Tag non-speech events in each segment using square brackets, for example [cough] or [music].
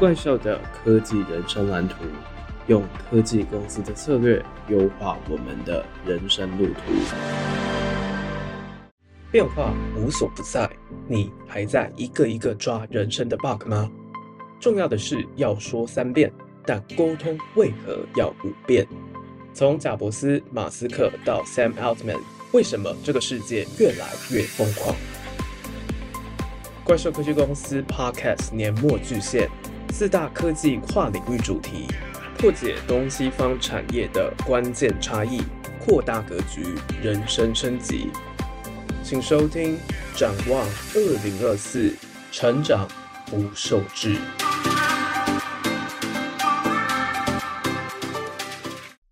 怪獸的科技人生藍圖，用科技公司的策略優化我們的人生路途。變化無所不在，你還在一個一個抓人生的 bug 嗎？重要的是要說三遍，但溝通為何要五遍？從賈伯斯、馬斯克到 Sam Altman，為什麼這個世界越來越瘋狂？怪獸科技公司 Podcast 年末巨獻。四大科技跨領域主題，破解東西方產業的關鍵差異，擴大格局，人生升級。請收聽《展望二零二四》，成長不受制。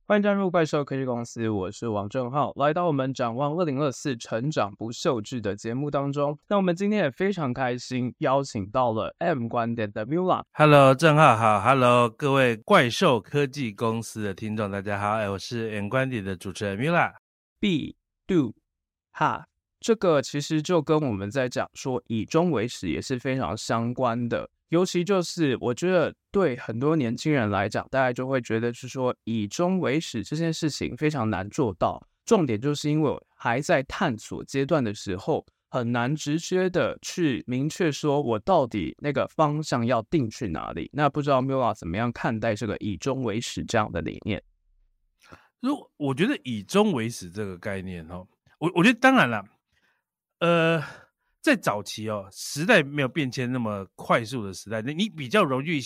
歡迎加入怪獸科技公司，我是王正浩，來到我們展望二零二四成長不秀智的節目當中。那我們今天也非常開心，邀請到了 M 觀點的 Miula。Hello，正浩好，Hello，各位怪獸科技公司的聽眾，大家好，哎，我是 M 觀點的主持人 Miula。B do ha，這個其實就跟我們在講說以終為始也是非常相關的。尤其就是，我覺得對很多年輕人來講，大家就會覺得是說以終為始這件事情非常難做到。重點就是因為我還在探索階段的時候，很難直接的去明確說我到底那個方向要定去哪裡。那不知道 Miula 怎麼樣看待這個以終為始這樣的理念？如我覺得以終為始這個概念、哦，我我覺得當然了，呃。在早期哦，時代沒有變遷那麼快速的時代，那你比較容易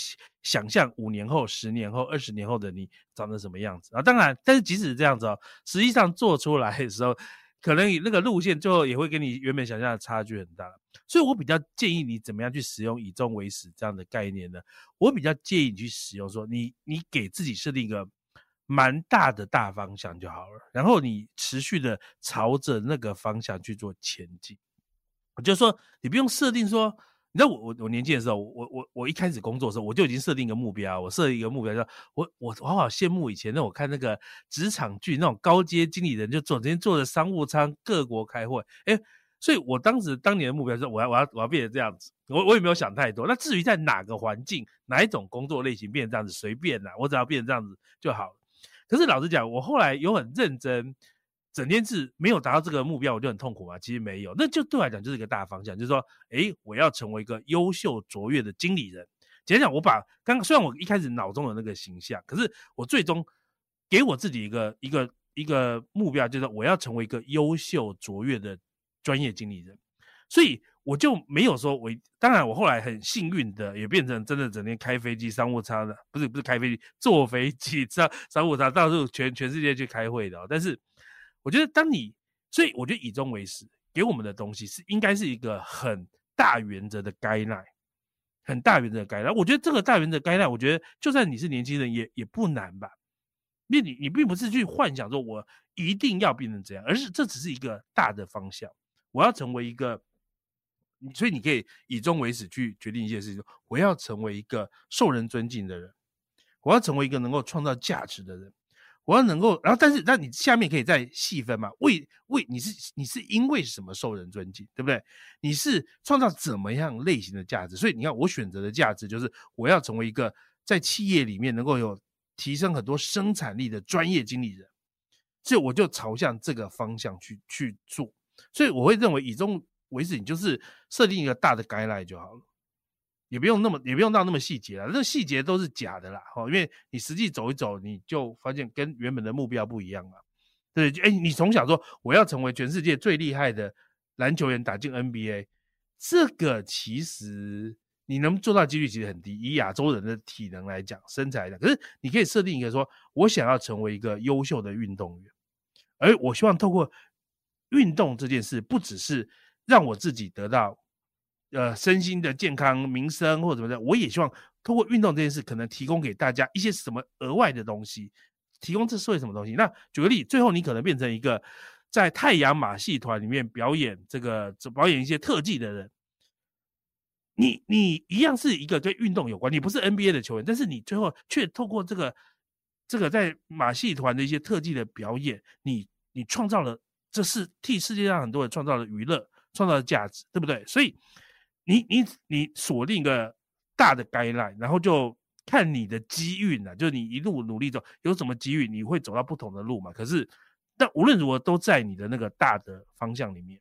想象五年後、十年後、二十年後的你長得什麼樣子啊？當然，但是即使這樣子哦，實際上做出來的時候，可能那個路線最後也會跟你原本想象的差距很大。所以我比較建議你怎麼樣去使用“以終為始”這樣的概念呢？我比較建議你去使用，說你你給自己設定一個蠻大的大方向就好了，然後你持續的朝着那個方向去做前進。就是說，你不用設定說，你知道我我我年輕的時候，我我我一開始工作的時候，我就已經設定一個目標，我設一個目標，說，我我好好羨慕以前那我看那個職場劇，那種高階經理人就整天坐在商務艙，各國開會，哎，所以我當時當年的目標是，我要我要我要變成這樣子，我我也沒有想太多。那至於在哪個環境，哪一種工作類型變成這樣子，隨便啦啊，我只要變成這樣子就好了。可是老實講，我後來有很認真。整天是沒有達到這個目標，我就很痛苦嘛。其實沒有，那就對我來講就是一個大方向，就是說，誒，我要成為一個優秀卓越的經理人。簡單講，我把剛剛雖然我一開始腦中的那個形象，可是我最終給我自己一個一個一個目標，就是我要成為一個優秀卓越的專業經理人。所以我就沒有說，我當然我後來很幸運的也變成真的整天開飛機商務艙的，不是不是開飛機坐飛機商商務艙到處全全世界去開會的，但是。我覺得，當你所以，我覺得以終為始給我們的東西是應該是一個很大原則的 guideline，很大原則的 guideline。我覺得這個大原則 guideline，我覺得就算你是年輕人，也也不難吧。因為你你並不是去幻想說我一定要變成怎樣，而是這只是一個大的方向。我要成為一個，所以你可以以終為始去決定一件事情。我要成為一個受人尊敬的人，我要成為一個能夠創造價值的人。我要能夠，然後但是，那你下面可以再細分嘛。為為你是你是因為什麼受人尊敬，對不對？你是創造怎麼樣類型的價值？所以你看，我選擇的價值就是我要成為一個在企業裡面能夠有提升很多生產力的專業經理人，所以我就朝向這個方向去去做。所以我會認為以終為始，你就是設定一個大的概率就好了。也不用那麼，也不用到那麼細節了，這個細節都是假的啦，吼，因為你實際走一走，你就發現跟原本的目標不一樣了，對，哎，你從小說我要成為全世界最厲害的籃球員，打進 NBA，這個其實你能做到幾率其實很低，以亞洲人的體能來講，身材來講，可是你可以設定一個說，我想要成為一個優秀的運動員，而我希望透過運動這件事，不只是讓我自己得到。呃，身心的健康、民生或者怎麼樣，我也希望通過運動這件事，可能提供給大家一些什麼額外的東西。提供這社會什麼東西？那舉個例，最後你可能變成一個在太陽馬戲團裡面表演這個表演一些特技的人。你你一樣是一個跟運動有關，你不是 NBA 的球員，但是你最後卻透過這個這個在馬戲團的一些特技的表演，你你創造了，這是替世界上很多人創造了娛樂，創造了價值，對不對？所以。你你你鎖定一個大的 guideline，然後就看你的機遇呢、啊，就是你一路努力走，有什麼機遇，你會走到不同的路嘛，可是，但無論如何都在你的那個大的方向裡面。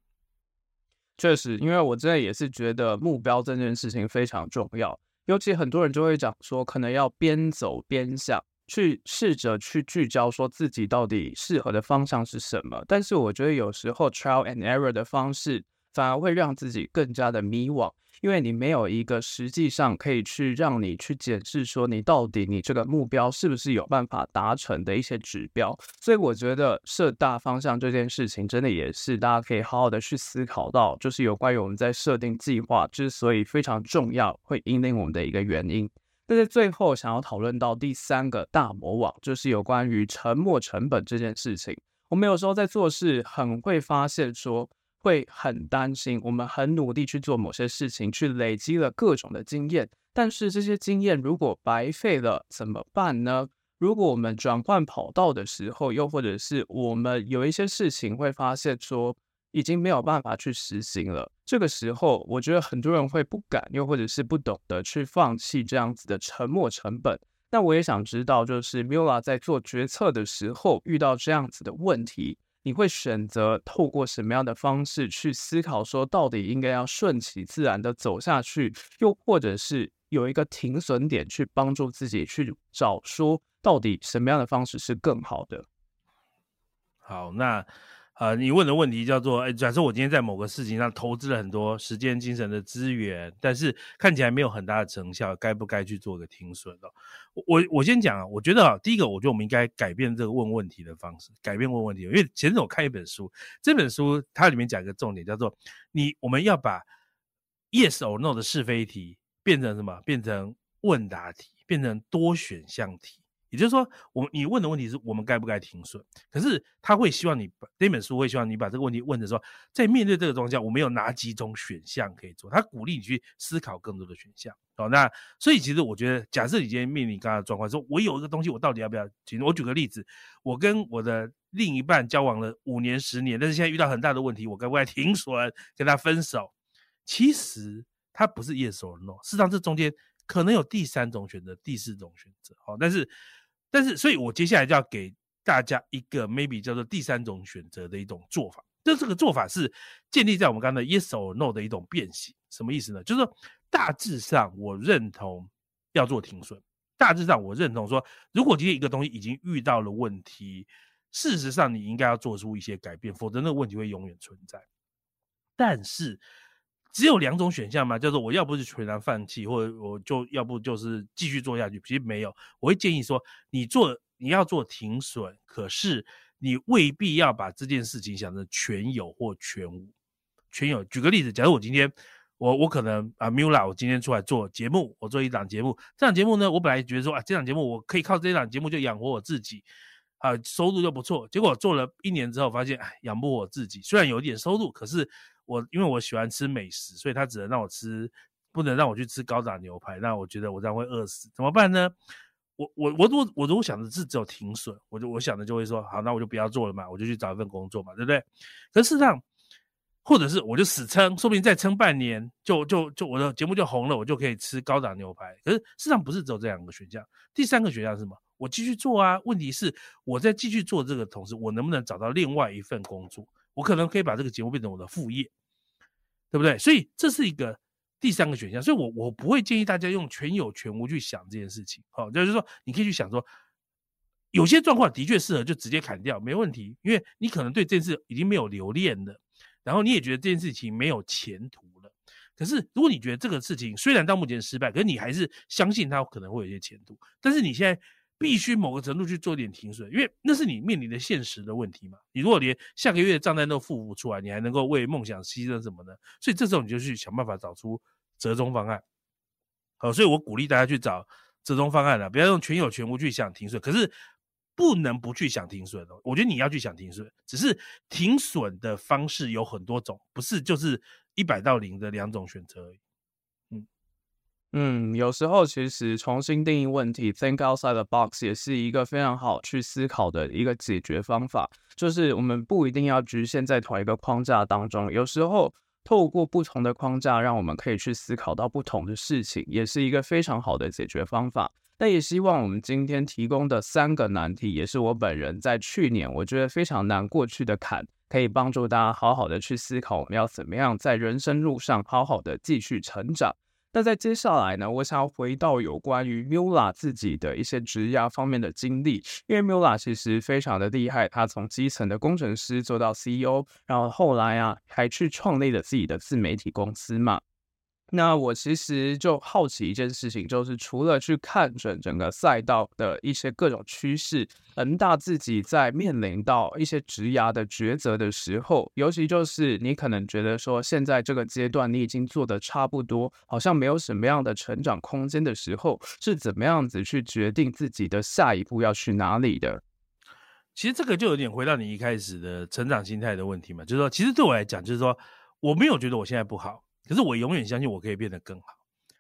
確實，因為我真的也是覺得目標這件事情非常重要，尤其很多人就會講說，可能要邊走邊想去試着去聚焦，說自己到底適合的方向是什麼。但是我覺得有時候 trial and error 的方式。反而會讓自己更加的迷惘，因為你沒有一個實際上可以去讓你去檢視說你到底你這個目標是不是有辦法達成的一些指標。所以我覺得設大方向這件事情真的也是大家可以好好的去思考到，就是有關於我們在設定計劃之所以非常重要，會引領我們的一個原因。但在最後想要討論到第三個大魔王，就是有關於沉沒成本這件事情。我們有時候在做事很會發現說，會很擔心，我們很努力去做某些事情，去累積了各種的經驗，但是這些經驗如果白費了怎麼辦呢？如果我們轉換跑道的時候，又或者是我們有一些事情會發現說已經沒有辦法去實行了，這個時候，我覺得很多人會不敢，又或者是不懂得去放棄這樣子的沉沒成本。那我也想知道，就是 Miula 在做決策的時候遇到這樣子的問題。你會選擇透過什麼樣的方式去思考？說到底應該要順其自然的走下去，又或者是有一個停損點去幫助自己去找說到底什麼樣的方式是更好的？好，那。啊、呃，你問的問題叫做，哎，假設我今天在某個事情上投資了很多時間、精神的資源，但是看起來沒有很大的成效，該不該去做個停損呢、哦？我我先講啊，我覺得啊，第一個，我覺得我們應該改變這個問問題的方式，改變問問題，因為前陣我看一本書，這本書它裡面講一個重點叫做你，你我們要把 yes or no 的是非題變成什麼？變成問答題，變成多選項題。也就是說，我你問的問題是我們該不該停損？可是他會希望你，這本書會希望你把這個問題問的說，在面對這個狀況，我們有哪幾種選項可以做。他鼓勵你去思考更多的選項。哦，那所以其實我覺得，假設你今天面臨剛剛的狀況，說我有一個東西，我到底要不要停？我舉個例子，我跟我的另一半交往了五年、十年，但是現在遇到很大的問題，我該不該停損跟他分手？其實他不是 yes or no，事實上這中間可能有第三種選擇、第四種選擇。好、哦，但是但是，所以我接下來就要給大家一個 maybe 叫做第三種選擇的一種做法。就是這個做法是建立在我們剛才 yes or no 的一種變形。什麼意思呢？就是說大致上我認同要做停損，大致上我認同說，如果今天一個東西已經遇到了問題，事實上你應該要做出一些改變，否則那個問題會永遠存在。但是。只有兩種選項嗎？就是我要不是全然放棄，或者我就要不就是繼續做下去。其實沒有，我會建議說，你做你要做停損，可是你未必要把這件事情想成全有或全無。全有，舉個例子，假如我今天我我可能啊，Miula，我今天出來做節目，我做一檔節目，這檔節目呢，我本來覺得說啊，這檔節目我可以靠這檔節目就養活我自己，啊，收入就不錯。結果我做了一年之後，發現、哎、養不活我自己，雖然有一點收入，可是。我因為我喜歡吃美食，所以他只能讓我吃，不能讓我去吃高檔牛排。那我覺得我這樣會餓死，怎麼辦呢？我我我如我如果想的是只有停損，我就我想的就會說，好，那我就不要做了嘛，我就去找一份工作嘛，對不對？可是事實上，或者是我就死撐，說不定再撐半年，就就就我的節目就紅了，我就可以吃高檔牛排。可是事實上不是只有這兩個選項，第三個選項是什麼？我繼續做啊，問題是我在繼續做這個同時，我能不能找到另外一份工作？我可能可以把這個節目變成我的副業。對不對？所以這是一個第三個選項，所以我我不會建議大家用全有全無去想這件事情。好，就是說你可以去想說，有些狀況的確適合就直接砍掉，沒問題，因為你可能對這件事已經沒有留戀了，然後你也覺得這件事情沒有前途了。可是如果你覺得這個事情雖然到目前失敗，可是你還是相信它可能會有一些前途，但是你現在，必須某個程度去做點停損，因為那是你面臨的現實的問題嘛。你如果連下個月賬單都付不出來，你還能夠為夢想犧牲什麼呢？所以這時候你就去想辦法找出折中方案。好，所以我鼓勵大家去找折中方案了啊，不要用全有全無去想停損。可是不能不去想停損哦。我覺得你要去想停損，只是停損的方式有很多種，不是就是一百到零的兩種選擇而已。嗯，有時候其實重新定義問題，think outside the box，也是一個非常好去思考的一個解決方法。就是我們不一定要局限在同一個框架當中，有時候透過不同的框架，讓我們可以去思考到不同的事情，也是一個非常好的解決方法。但也希望我們今天提供的三個難題，也是我本人在去年我覺得非常難過去的坎，可以幫助大家好好的去思考，我們要怎麼樣在人生路上好好的繼續成長。那在接下來呢，我想要回到有關於 Miula 自己的一些職涯方面的經歷，因為 Miula 其實非常的厲害，他從基層的工程師做到 CEO，然後後來啊還去創立了自己的自媒體公司嘛。那我其實就好奇一件事情，就是除了去看準整個賽道的一些各種趨勢，M 大自己在面臨到一些職涯的抉擇的時候，尤其就是你可能覺得說現在這個階段你已經做的差不多，好像沒有什麼樣的成長空間的時候，是怎麼樣子去決定自己的下一步要去哪裡的？其實這個就有點回到你一開始的成長心態的問題嘛，就是說，其實對我來講，就是說我沒有覺得我現在不好。可是我永遠相信我可以變得更好。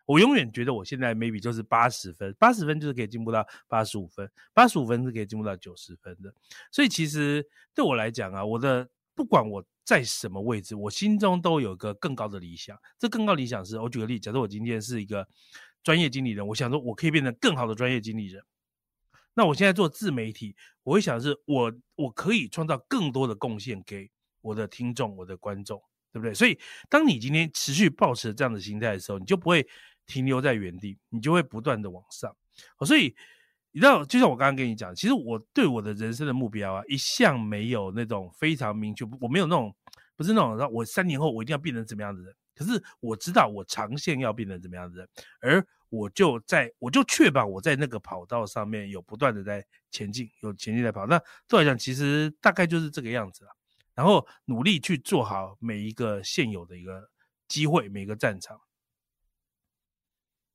我永遠覺得我現在 maybe 就是八十分，八十分就是可以進步到八十五分，八十五分是可以進步到九十分的。所以其實對我來講啊，我的不管我在什麼位置，我心中都有一個更高的理想。這更高的理想是，我舉個例，假如我今天是一個專業經理人，我想說我可以變得更好的專業經理人。那我現在做自媒體，我會想的是我我可以創造更多的貢獻給我的聽眾、我的觀眾。對不對？所以，當你今天持續保持這樣的心態的時候，你就不會停留在原地，你就會不斷的往上。哦，所以，你知道，就像我剛剛跟你講，其實我對我的人生的目標啊，一向沒有那種非常明確。我沒有那種，不是那種說，我三年後我一定要變成怎麼樣的人。可是，我知道我長線要變成怎麼樣的人，而我就在，我就確保我在那個跑道上面有不斷的在前進，有前進在跑。那，對我來講，其實大概就是這個樣子啊。然後努力去做好每一個現有的一個機會，每一個戰場。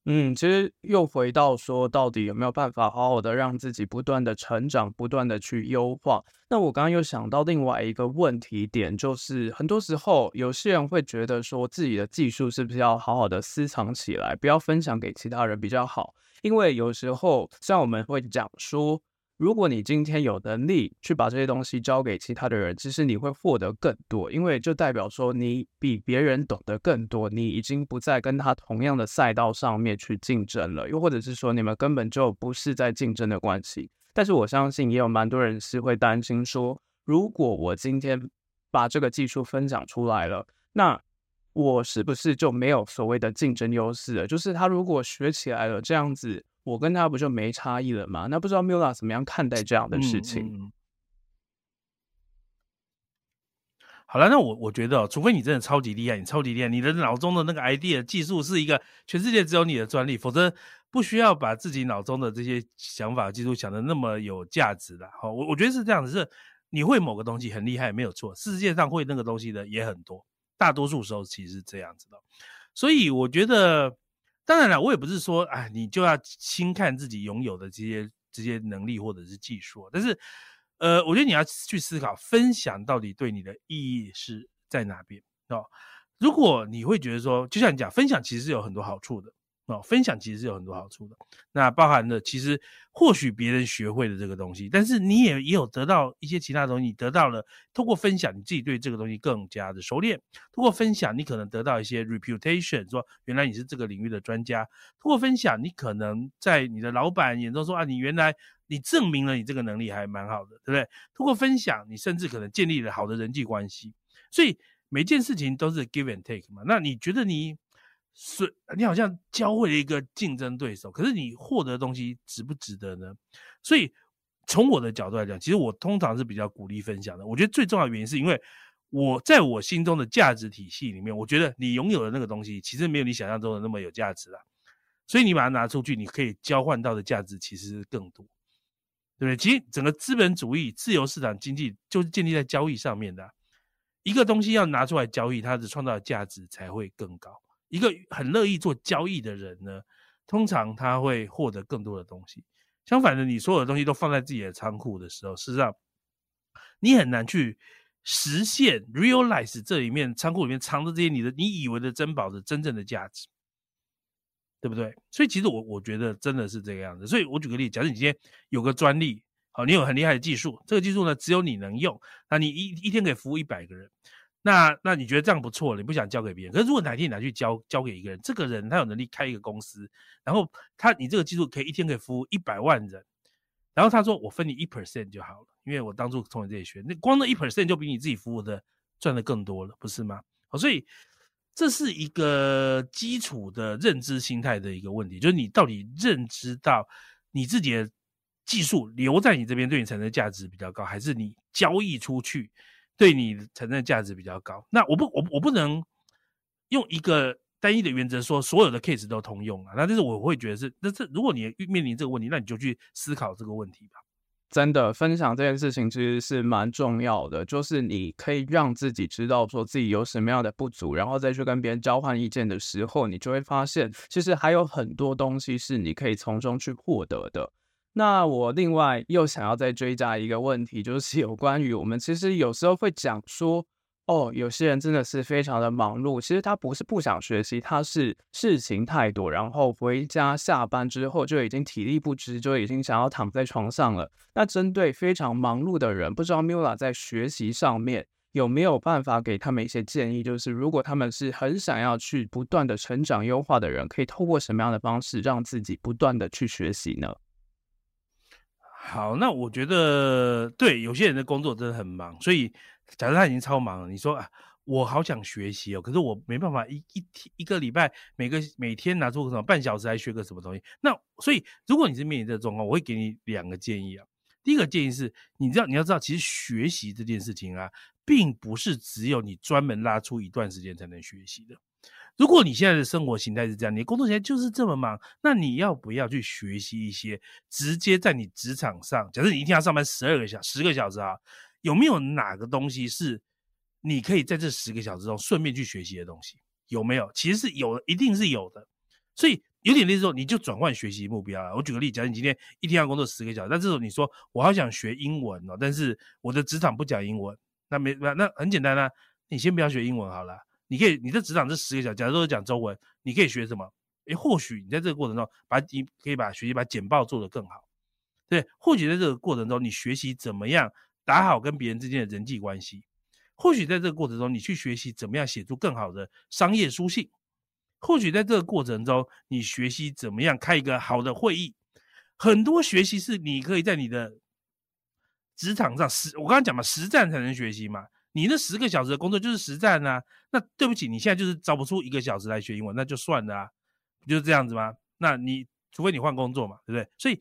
嗯，其實又回到說，到底有沒有辦法好好的讓自己不斷的成長，不斷的去優化？那我剛剛又想到另外一個問題點，就是很多時候有些人會覺得說，自己的技術是不是要好好的私藏起來，不要分享給其他人比較好？因為有時候像我們會講說。如果你今天有能力去把這些東西教給其他的人，其實你會獲得更多，因為就代表說你比別人懂得更多，你已經不再跟他同樣的賽道上面去競爭了，又或者是說你們根本就不是在競爭的關係。但是我相信也有蠻多人是會擔心說，如果我今天把這個技術分享出來了，那我是不是就沒有所謂的競爭優勢了？就是他如果學起來了，這樣子。我跟他不就沒差異了嗎？那不知道 Miula 怎麼樣看待這樣的事情？嗯嗯嗯、好了，那我我覺得、哦，除非你真的超級厲害，你超級厲害，你的腦中的那個 idea 技術是一個全世界只有你的專利，否則不需要把自己腦中的這些想法技術想得那麼有價值的。好，我我覺得是這樣子，是你會某個東西很厲害，沒有錯，世界上會那個東西的也很多，大多數時候其實是這樣子的，所以我覺得。當然了，我也不是說，哎，你就要輕看自己擁有的這些、這些能力或者是技術。但是，呃，我覺得你要去思考分享到底對你的意義是在哪邊哦。如果你會覺得說，就像你講，分享其實是有很多好處的。那、哦、分享其實是有很多好處的，那包含了其實或許別人學會了這個東西，但是你也也有得到一些其他東西，你得到了通過分享你自己對這個東西更加的熟練，通過分享你可能得到一些 reputation，說原來你是這個領域的專家，通過分享你可能在你的老板眼中說，啊你原來你證明了你這個能力還蠻好的，對不對？通過分享你甚至可能建立了好的人際關係，所以每件事情都是 give and take 嘛，那你覺得你？是，你好像教會了一個競爭對手，可是你獲得的東西值不值得呢？所以從我的角度來講，其實我通常是比較鼓勵分享的。我覺得最重要的原因是因為我在我心中的價值體系裡面，我覺得你擁有的那個東西其實沒有你想象中的那麼有價值啦。所以你把它拿出去，你可以交換到的價值其實是更多，對不對？其實整個資本主義、自由市場經濟就是建立在交易上面的。一個東西要拿出來交易，它所創造的價值才會更高。一個很樂意做交易的人呢，通常他會獲得更多的東西。相反的，你所有的東西都放在自己的倉庫的時候，事實上你很難去實現 realize 這裡面倉庫裡面藏着這些你的你以為的珍寶的真正的價值，對不對？所以其實我我覺得真的是這個樣子。所以我舉個例，假設你今天有個專利，好，你有很厲害的技術，這個技術呢只有你能用，那你一一天可以服務一百個人。那那你覺得這樣不錯了，你不想交給別人？可是如果哪天你拿去交交給一個人，這個人他有能力開一個公司，然後他你這個技術可以一天可以服務一百萬人，然後他說，我分你一 percent 就好了，因為我當初從你這裡學，那光那一 percent 就比你自己服務的賺得更多了，不是嗎？好、哦，所以這是一個基礎的認知心態的一個問題，就是你到底認知到你自己的技術留在你這邊對你產生價值比較高，還是你交易出去？對你產生的價值比較高。那我不，我我不能用一個單一的原則說所有的 case 都通用啊，那就是我會覺得是，那這如果你面臨這個問題，那你就去思考這個問題吧、啊。真的，分享這件事情其實是蠻重要的，就是你可以讓自己知道說自己有什麼樣的不足，然後再去跟別人交換意見的時候，你就會發現其實還有很多東西是你可以從中去獲得的。那我另外又想要再追加一個問題，就是有關於我們其實有時候會講說，哦，有些人真的是非常的忙碌，其實他不是不想學習，他是事情太多，然後回家下班之後就已經體力不支，就已經想要躺在床上了。那針對非常忙碌的人，不知道 Miula 在學習上面有沒有辦法給他們一些建議，就是如果他們是很想要去不斷的成長優化的人，可以透過什麼樣的方式讓自己不斷的去學習呢？好，那我覺得對有些人的工作真的很忙，所以假設他已經超忙了，你說啊，我好想學習哦，可是我沒辦法一一天一個禮拜每個每天拿出個什麼半小時來學個什麼東西。那所以如果你是面臨這種狀況，我會給你兩個建議啊。第一個建議是，你知道你要知道，其實學習這件事情啊，並不是只有你專門拉出一段時間才能學習的。如果你現在的生活形態是這樣，你工作現在就是這麼忙，那你要不要去學習一些直接在你職場上？假設你一定要上班十二個小十個小時啊，有沒有哪個東西是你可以在這十個小時中順便去學習的東西？有沒有？其實是有，一定是有的。所以有點類似說，你就轉換學習目標了。我舉個例子，假如你今天一天要工作十個小時，但這時候你說我好想學英文哦，但是我的職場不講英文，那沒那很簡單啊，你先不要學英文好了。你可以，你在職場這十個小時，假如說講中文，你可以學什麼？誒、欸，或許你在這個過程中把，把你可以把學習把簡報做得更好，對？或許在這個過程中，你學習怎麼樣打好跟別人之間的人際關係；或許在這個過程中，你去學習怎麼樣寫出更好的商業書信；或許在這個過程中，你學習怎麼樣開一個好的會議。很多學習是你可以在你的職場上實，我剛剛講嘛，實戰才能學習嘛。你那十個小時的工作就是實戰吶、啊，那對不起，你現在就是找不出一個小時來學英文，那就算了啊，不就是這樣子嗎？那你除非你換工作嘛，對不對？所以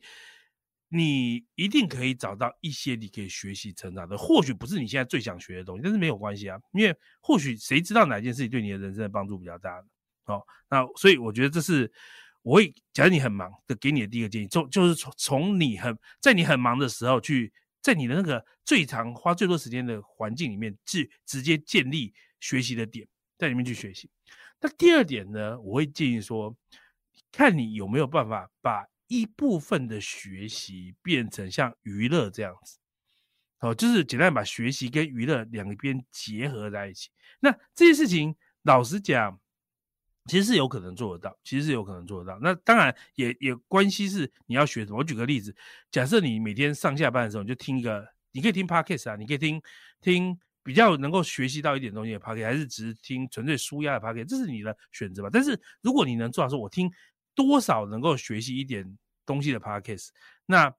你一定可以找到一些你可以學習成長的，或許不是你現在最想學的東西，但是沒有關係啊，因為或許誰知道哪件事情對你的人生的幫助比較大呢、哦？那所以我覺得這是我會假如你很忙的給你的第一個建議，就就是從從你很在你很忙的時候去。在你的那個最常花最多時間的環境裡面，去直接建立學習的點，在裡面去學習。那第二點呢，我會建議說，看你有沒有辦法把一部分的學習變成像娛樂這樣子，哦，就是簡單把學習跟娛樂兩邊結合在一起。那這些事情，老實講。其實是有可能做得到，其實是有可能做得到。那當然也也關係是你要學什麼。我舉個例子，假設你每天上下班的時候，你就聽一個，你可以聽 podcast 啊，你可以聽聽比較能夠學習到一點東西的 podcast，還是只是聽純粹舒壓的 podcast，這是你的選擇吧。但是如果你能做到說，我聽多少能夠學習一點東西的 podcast，那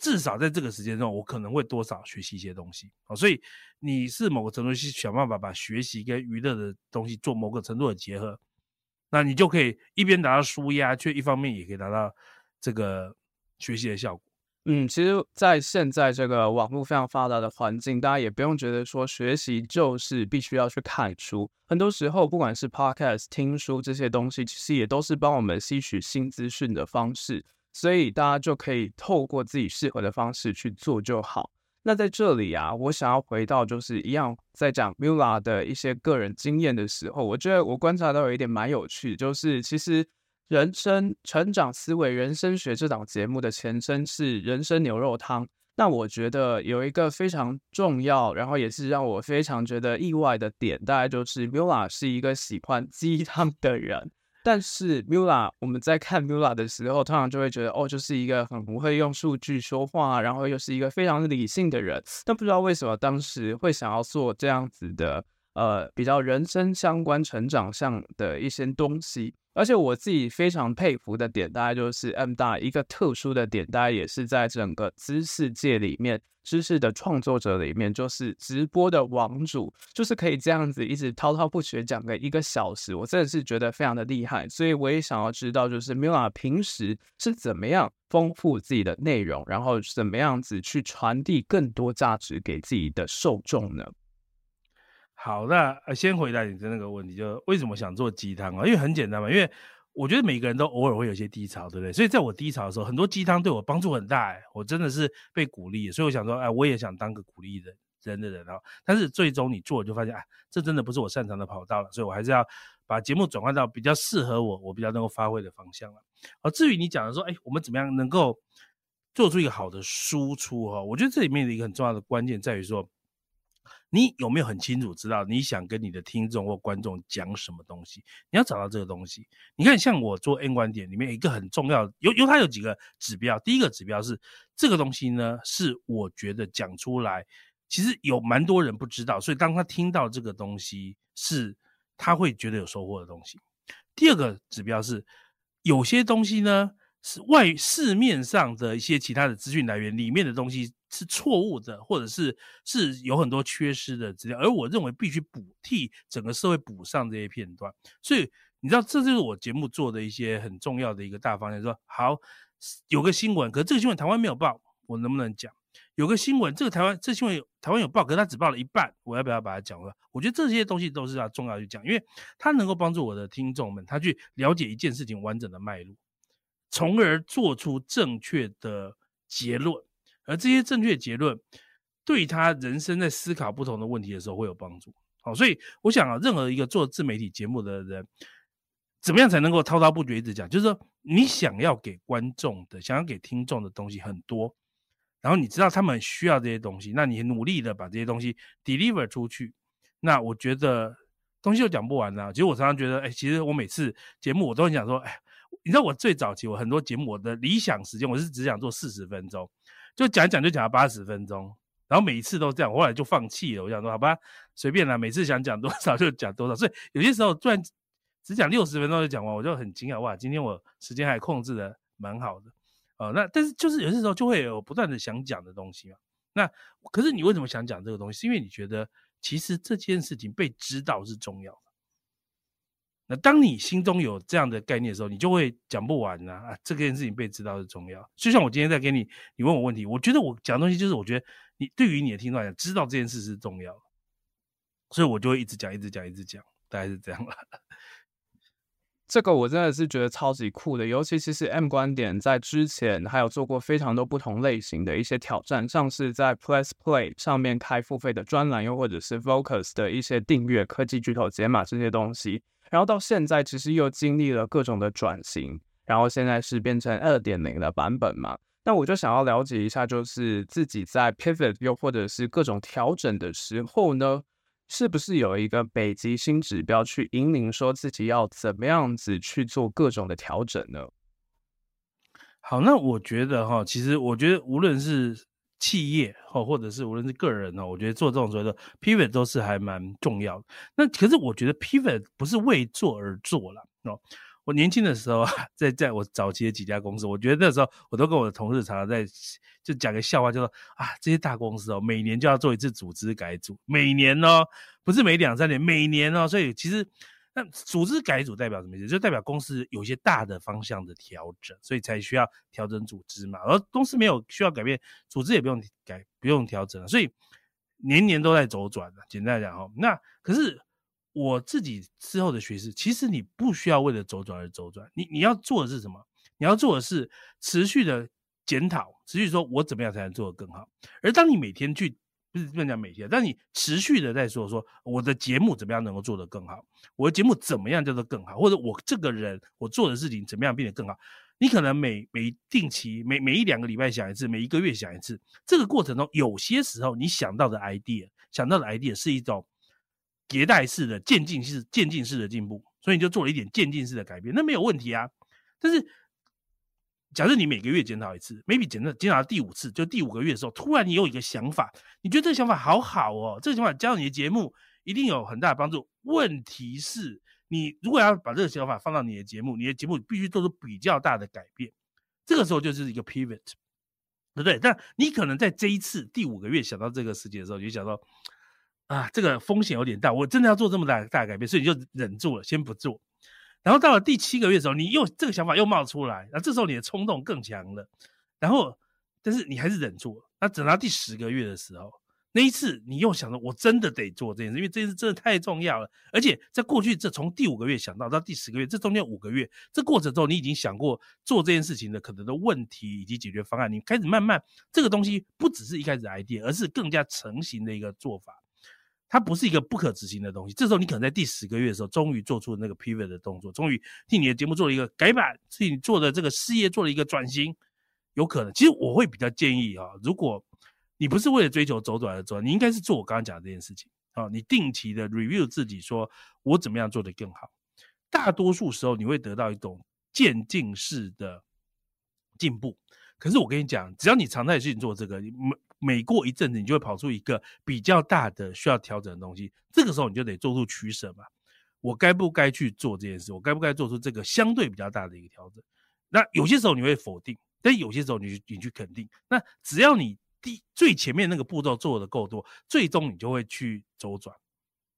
至少在這個時間中，我可能會多少學習一些東西好，哦，所以你是某個程度去想辦法把學習跟娛樂的東西做某個程度的結合。那你就可以一邊拿到紓壓，卻一方面也可以達到這個學習的效果。嗯，其實，在現在這個網絡非常發達的環境，大家也不用覺得說學習就是必須要去看書。很多時候，不管是 podcast、聽書這些東西，其實也都是幫我們吸取新資訊的方式。所以，大家就可以透過自己適合的方式去做就好。那在這裡啊，我想要回到就是一樣在講 Miula 的一些個人經驗的時候，我覺得我觀察到有一點蠻有趣，就是其實人生成長思維人生學這檔節目的前身是人生牛肉湯。那我覺得有一個非常重要，然後也是讓我非常覺得意外的點，大概就是 Miula 是一個喜歡雞湯的人。但是 Miula，我們在看 Miula 的時候，通常就會覺得，哦，就是一個很不會用數據說話，然後又是一個非常理性的人。但不知道為什麼當時會想要做這樣子的，呃，比較人生相關、成長上的一些東西。而且我自己非常佩服的點，大概就是 M 大一個特殊的點，大概也是在整個知識界裡面，知識的創作者裡面，就是直播的網主，就是可以這樣子一直滔滔不絕講個一個小時，我真的是覺得非常的厲害。所以我也想要知道，就是 Miula 平時是怎麼樣豐富自己的內容，然後怎麼樣子去傳遞更多價值給自己的受眾呢？好，那呃，先回答你的那個問題就，就為什麼想做雞湯啊？因為很簡單嘛，因為我覺得每個人都偶爾會有些低潮，對不對？所以在我低潮的時候，很多雞湯對我幫助很大，欸，哎，我真的是被鼓勵，所以我想說，哎，呃，我也想當個鼓勵的人，人的人然後，哦，但是最終你做就發現，啊，哎，這真的不是我擅長的跑道了，所以我還是要把節目轉換到比較適合我，我比較能夠發揮的方向了。好，至於你講的說，哎，我們怎麼樣能夠做出一個好的輸出哈，哦，我覺得這裡面的一個很重要的關鍵在於說，你有沒有很清楚知道你想跟你的聽眾或觀眾講什麼東西？你要找到這個東西。你看，像我做 M 觀點裡面一個很重要的，有有它有幾個指標，第一個指標是這個東西呢，是我覺得講出來其實有蠻多人不知道，所以當他聽到這個東西，是他會覺得有收穫的東西。第二個指標是有些東西呢，是外於市面上的一些其他的資訊來源裡面的東西，是錯誤的，或者是是有很多缺失的資料，而我認為必須補替整個社會補上這些片段。所以你知道，這就是我節目做的一些很重要的一個大方向。說好有個新聞，可是這個新聞台灣沒有報，我能不能講？有個新聞，這個台灣這新聞台灣有報，可是他只報了一半，我要不要把它講了？我覺得這些東西都是要重要去講，因為他能夠幫助我的聽眾們，他去了解一件事情完整的脈絡，從而做出正確的結論。而這些正確結論，對他人生在思考不同的問題的時候會有幫助。好，所以我想啊，任何一個做自媒體節目的人，怎麼樣才能夠滔滔不絕一直講？就是說，你想要給觀眾的、想要給聽眾的東西很多，然後你知道他們需要這些東西，那你努力的把這些東西 deliver 出去。那我覺得東西又講不完啊。其實我常常覺得，哎，其實我每次節目我都很想說，哎，你知道我最早期我很多節目我的理想時間我是只想做四十分鐘。就講講，就講了八十分鐘，然後每一次都這樣，我後來就放棄了。我想說，好吧，隨便啦，每次想講多少就講多少。所以有些時候，突然只講六十分鐘就講完，我就很驚訝，哇，今天我時間還控制的蠻好的。啊、哦，那但是就是有些時候就會有不斷的想講的東西嘛。那可是你為什麼想講這個東西？是因為你覺得其實這件事情被知道是重要的。那當你心中有這樣的概念的時候，你就會講不完呢、啊。啊，這件事情被知道是重要。就像我今天在給你，你問我問題，我覺得我講的東西就是，我覺得你對於你的聽眾來講，知道這件事是重要，所以我就會一直講，一直講，一直講，大概是這樣了。這個我真的是覺得超級酷的，尤其其實 M 觀點在之前還有做過非常多不同類型的一些挑戰，像是在 PressPlay 上面開付費的專欄，又或者是 Vocus 的一些訂閱科技巨頭解碼這些東西。然後到現在，其實又經歷了各種的轉型，然後現在是變成二點零的版本嘛？那我就想要了解一下，就是自己在 pivot 又或者是各種調整的時候呢，是不是有一個北極星指標去引領，說自己要怎麼樣子去做各種的調整呢？好，那我覺得哈，其實我覺得無論是企業或者是無論是個人呢，我覺得做這種所謂的 pivot 都是還蠻重要的。那可是我覺得 pivot 不是為做而做了哦。我年輕的時候啊，在在我早期的幾家公司，我覺得那時候我都跟我的同事常常在就講個笑話就，就說啊，這些大公司哦，每年就要做一次組織改組，每年哦，不是每兩三年，每年哦，所以其實。那組織改組代表什麼意思？就代表公司有一些大的方向的調整，所以才需要調整組織嘛。而公司沒有需要改變，組織也不用改，不用調整了。所以年年都在周轉了。簡單來講哈，那可是我自己之後的學習，其實你不需要為了周轉而周轉，你你要做的是什麼？你要做的是持續的檢討，持續說我怎麼樣才能做得更好。而當你每天去。不是不能講每天，但你持續的在說說我的節目怎麼樣能夠做得更好，我的節目怎麼樣叫做更好，或者我這個人我做的事情怎麼樣變得更好，你可能每每定期每每一兩個禮拜想一次，每一個月想一次，這個過程中有些時候你想到的 idea，想到的 idea 是一種迭代式的、漸進式、漸進式的進步，所以你就做了一點漸進式的改變，那沒有問題啊，但是。假設你每個月檢討一次，maybe 檢討檢討到第五次，就第五個月的時候，突然你有一個想法，你覺得這個想法好好哦，這個想法加入你的節目一定有很大的幫助。問題是你如果要把這個想法放到你的節目，你的節目必須做出比較大的改變，這個時候就是一個 pivot，對不對？但你可能在這一次第五個月想到這個世界的時候，你就想到啊，這個風險有點大，我真的要做這麼大大的改變，所以你就忍住了，先不做。然後到了第七個月的時候，你又這個想法又冒出來，那、啊、這時候你的衝動更強了。然後，但是你還是忍住了。那等到第十個月的時候，那一次你又想着，我真的得做這件事，因為這件事真的太重要了。而且在過去這從第五個月想到到第十個月，這中間五個月這過程中，你已經想過做這件事情的可能的問題以及解決方案。你開始慢慢這個東西不只是一開始 idea，而是更加成型的一個做法。它不是一個不可執行的東西。這時候你可能在第十個月的時候，終於做出那個 pivot 的動作，終於替你的節目做了一個改版，替你做的這個事業做了一個轉型，有可能。其實我會比較建議啊，如果你不是為了追求走短的做，你應該是做我剛剛講的這件事情啊，你定期的 review 自己，說我怎麼樣做得更好。大多數時候你會得到一種漸進式的進步。可是我跟你講，只要你常態性做這個，沒。每過一陣子，你就會跑出一個比較大的需要調整的東西。這個時候，你就得做出取捨嘛。我該不該去做這件事？我該不該做出這個相對比較大的一個調整？那有些時候你會否定，但有些時候你去你去肯定。那只要你的最前面那個步驟做得夠多，最終你就會去周轉，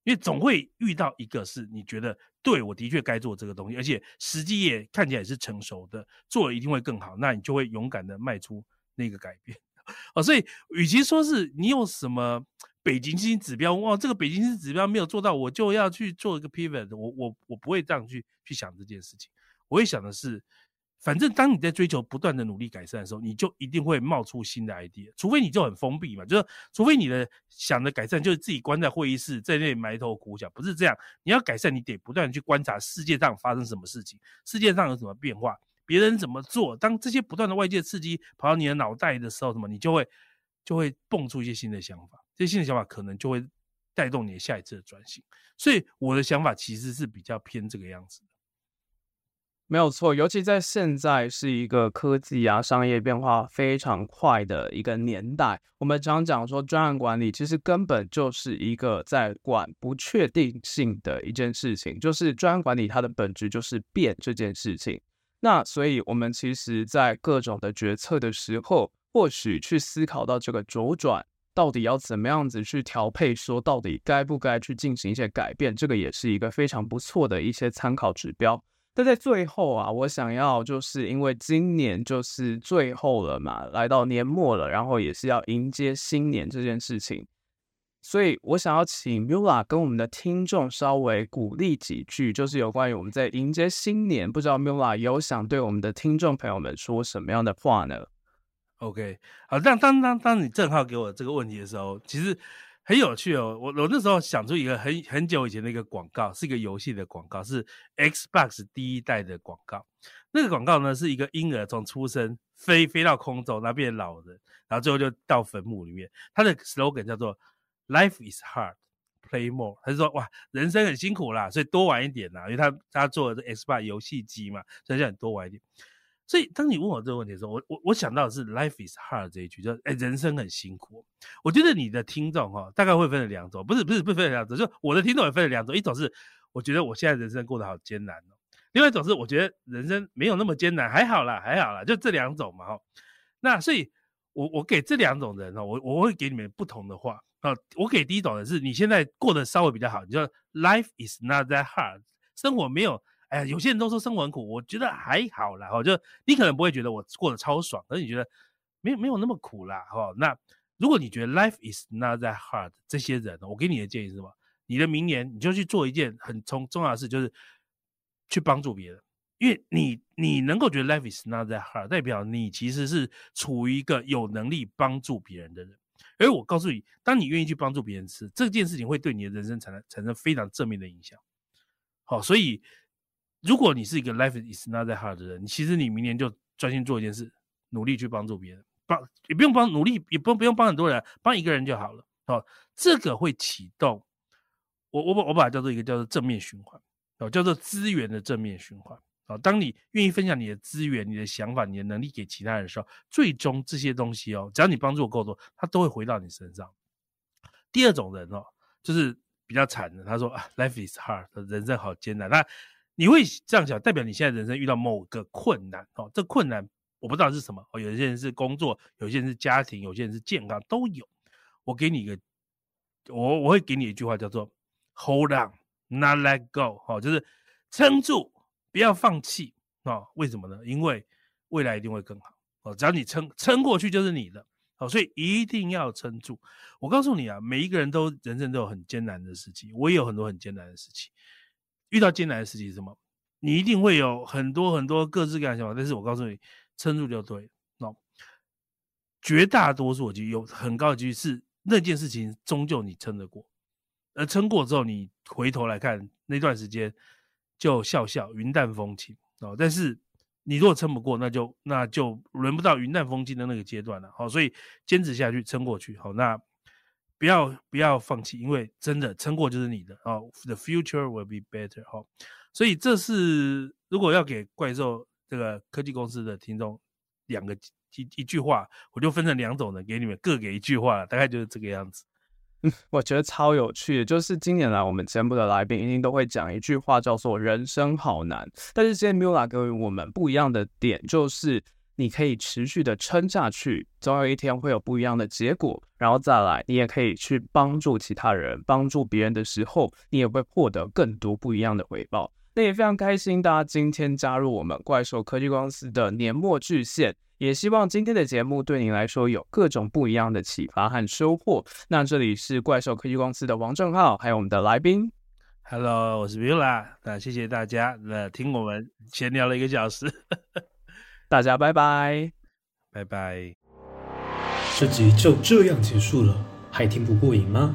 因為總會遇到一個是你覺得對，我的確該做這個東西，而且時機也看起來也是成熟的，做了一定會更好。那你就會勇敢的邁出那個改變。啊、哦，所以與其說是你有什麼北極星指標，哇、哦，這個北極星指標沒有做到，我就要去做一個 pivot，我我我不會這樣去去想這件事情。我會想的是，反正當你在追求不斷的努力改善的時候，你就一定會冒出新的 idea，除非你就很封閉嘛，就是除非你的想的改善就是自己關在會議室，在那裡埋頭苦想，不是這樣。你要改善，你得不斷去觀察世界上發生什麼事情，世界上有什麼變化。別人怎麼做？當這些不斷的外界刺激跑到你的腦袋的時候，什麼你就會就會蹦出一些新的想法，這些新的想法可能就會帶動你下一次的轉型。所以我的想法其實是比較偏這個樣子的，沒有錯。尤其在現在是一個科技啊、商業變化非常快的一個年代，我們常常講說，專案管理其實根本就是一個在管不確定性的一件事情，就是專案管理它的本質就是變這件事情。那所以，我們其實，在各種的決策的時候，或許去思考到這個週轉到底要怎麼樣子去調配，說到底該不該去進行一些改變，這個也是一個非常不錯的一些參考指標。但在最後啊，我想要就是因為今年就是最後了嘛，來到年末了，然後也是要迎接新年這件事情。所以我想要請 Miula 跟我們的聽眾稍微鼓勵幾句，就是有關於我們在迎接新年，不知道 Miula 有想對我們的聽眾朋友們說什麼樣的話呢？OK，好，當當當當，你正好給我這個問題的時候，其實很有趣哦。我我那時候想出一個很很久以前的一個廣告，是一個遊戲的廣告，是 Xbox 第一代的廣告。那個廣告呢，是一個嬰兒從出生飛飛到空中，然後變老人，然後最後就到墳墓裡面。它的 slogan 叫做，Life is hard, play more。他就說，哇，人生很辛苦啦，所以多玩一點啦。因為他他做了這 X 八遊戲機嘛，所以叫你多玩一點。所以當你問我這個問題的時候，我我我想到的是 Life is hard 這一句，就哎，人生很辛苦。我覺得你的聽眾哈、哦，大概會分成兩種，不是不是不是分成兩種，就我的聽眾也分成兩種。一種是我覺得我現在人生過得好艱難哦，另外一種是我覺得人生沒有那麼艱難，還好啦還好啦，就這兩種嘛、哦。那所以我我給這兩種人哈、哦，我我會給你們不同的話。啊、哦，我給第一種的是，你現在過得稍微比較好，你就 life is not that hard，生活沒有，哎呀，有些人都說生活很苦，我覺得還好啦，哈、哦，就你可能不會覺得我過得超爽，但是你覺得沒有沒有那麼苦啦，哈、哦。那如果你覺得 life is not that hard，這些人，我給你的建議是什麼？你的明年你就去做一件很重重要的事，就是去幫助別人，因為你你能夠覺得 life is not that hard，代表你其實是處於一個有能力幫助別人的人。而我告訴你，當你願意去幫助別人時，這件事情會對你的人生產生產生非常正面的影響。好，所以如果你是一個 life is not that hard 的人，你其實你明年就專心做一件事，努力去幫助別人，幫也不用幫，努力也不不用幫很多人，幫一個人就好了。好，這個會啟動我我我把它叫做一個叫做正面循環，哦，叫做資源的正面循環。好、哦，當你願意分享你的資源、你的想法、你的能力給其他人的時候，最終這些東西哦，只要你幫助夠多，它都會回到你身上。第二種人哦，就是比較慘的，他說：“Life is hard，人生好艱難。”那你會這樣想，代表你現在人生遇到某個困難哦。這困難我不知道是什麼哦。有些人是工作，有些人是家庭，有些人是健康，都有。我給你一個，我我會給你一句話叫做 “Hold on, not let go”，好、哦，就是撐住。不要放棄啊、哦！為什麼呢？因為未來一定會更好哦。只要你撐撐過去，就是你的、哦、所以一定要撐住。我告訴你啊，每一個人都人生都有很艱難的事情，我也有很多很艱難的事情。遇到艱難的事情，什麼？你一定會有很多很多各自各樣的想法。但是我告訴你，撐住就對了。哦、絕大多數就有很高的機率，是那件事情終究你撐得過。而撐過之後，你回頭來看那段時間。就笑笑，雲淡風輕哦。但是你如果撐不過，那就那就輪不到雲淡風輕的那個階段了。好、哦，所以堅持下去，撐過去。好、哦，那不要不要放棄，因為真的撐過就是你的哦。The future will be better、哦。好，所以這是如果要給怪獸這個科技公司的聽眾兩個一一句話，我就分成兩種的給你們各給一句話，大概就是這個樣子。 [noise] 我覺得超有趣的，就是今年來我們節目的來賓一定都會講一句話，叫做“人生好難”。但是今天 Miula 給我們不一樣的點，就是你可以持續的撐下去，總有一天會有不一樣的結果，然後再來，你也可以去幫助其他人，幫助別人的時候，你也會獲得更多不一樣的回報。那也非常開心，大家今天加入我們怪獸科技公司的年末巨獻。也希望今天的節目對您來說有各種不一樣的啟發和收穫。那這裡是怪獸科技公司的王正浩，還有我們的來賓，Hello，我是 Miula。那謝謝大家來聽我們閒聊了一個小時， [laughs] 大家拜拜，拜拜。這集就這樣結束了，還聽不過癮嗎？